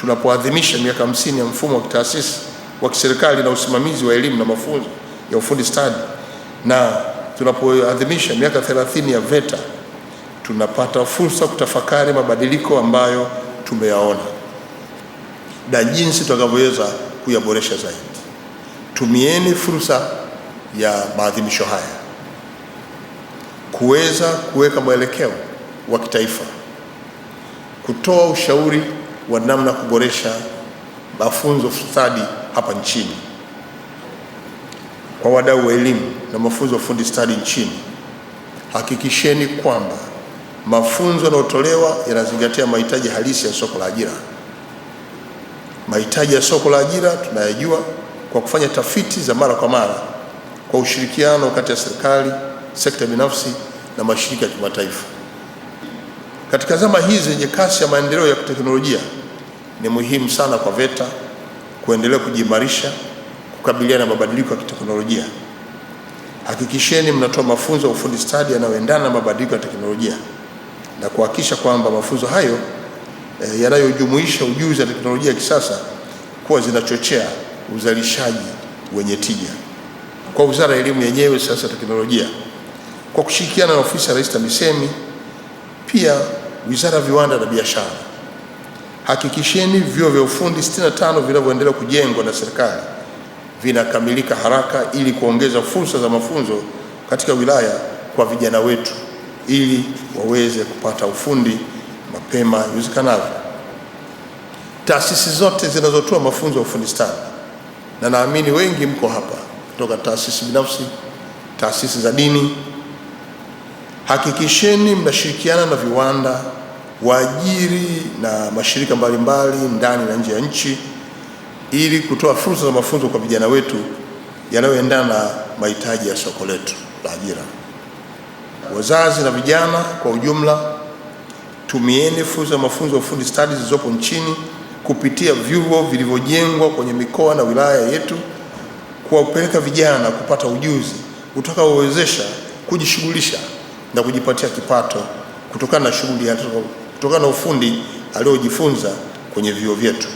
tunapoadhimisha miaka hamsini ya mfumo wa kitaasisi wa kiserikali na usimamizi wa elimu na mafunzo ya ufundi stadi na tunapoadhimisha miaka thelathini ya VETA tunapata fursa kutafakari mabadiliko ambayo tumeyaona na jinsi tutakavyoweza kuyaboresha zaidi. Tumieni fursa ya maadhimisho haya kuweza kuweka mwelekeo wa kitaifa, kutoa ushauri wa namna kuboresha mafunzo stadi hapa nchini kwa wadau wa elimu na mafunzo ya ufundi stadi nchini, hakikisheni kwamba mafunzo yanayotolewa yanazingatia mahitaji halisi ya soko la ajira. Mahitaji ya soko la ajira tunayajua kwa kufanya tafiti za mara kwa mara kwa ushirikiano kati ya serikali, sekta binafsi na mashirika ya kimataifa. Katika zama hizi zenye kasi ya maendeleo ya teknolojia ni muhimu sana kwa VETA kuendelea kujiimarisha kukabiliana na mabadiliko ya kiteknolojia. Hakikisheni mnatoa mafunzo ya ufundi stadi yanayoendana na mabadiliko ya teknolojia na kuhakikisha kwamba mafunzo hayo e, yanayojumuisha ujuzi wa teknolojia ya kisasa kuwa zinachochea uzalishaji wenye tija. Kwa Wizara ya Elimu yenyewe sasa teknolojia, kwa kushirikiana na Ofisi ya Rais TAMISEMI, pia Wizara ya Viwanda na Biashara hakikisheni vyuo vya ufundi 65 vinavyoendelea kujengwa na serikali vinakamilika haraka ili kuongeza fursa za mafunzo katika wilaya kwa vijana wetu ili waweze kupata ufundi mapema iwezekanavyo. Taasisi zote zinazotoa mafunzo ya ufundi stadi, na naamini wengi mko hapa kutoka taasisi binafsi, taasisi za dini, hakikisheni mnashirikiana na viwanda waajiri na mashirika mbalimbali mbali, ndani na nje ya nchi ili kutoa fursa za mafunzo kwa vijana wetu yanayoendana na mahitaji ya soko letu la ajira. Wazazi na vijana kwa ujumla, tumieni fursa za mafunzo ya ufundi stadi zilizopo nchini kupitia vyuo vilivyojengwa kwenye mikoa na wilaya yetu, kuwapeleka vijana kupata ujuzi utakaowezesha kujishughulisha na kujipatia kipato kutokana na shughuli kutokana na ufundi aliojifunza kwenye vyuo vyetu.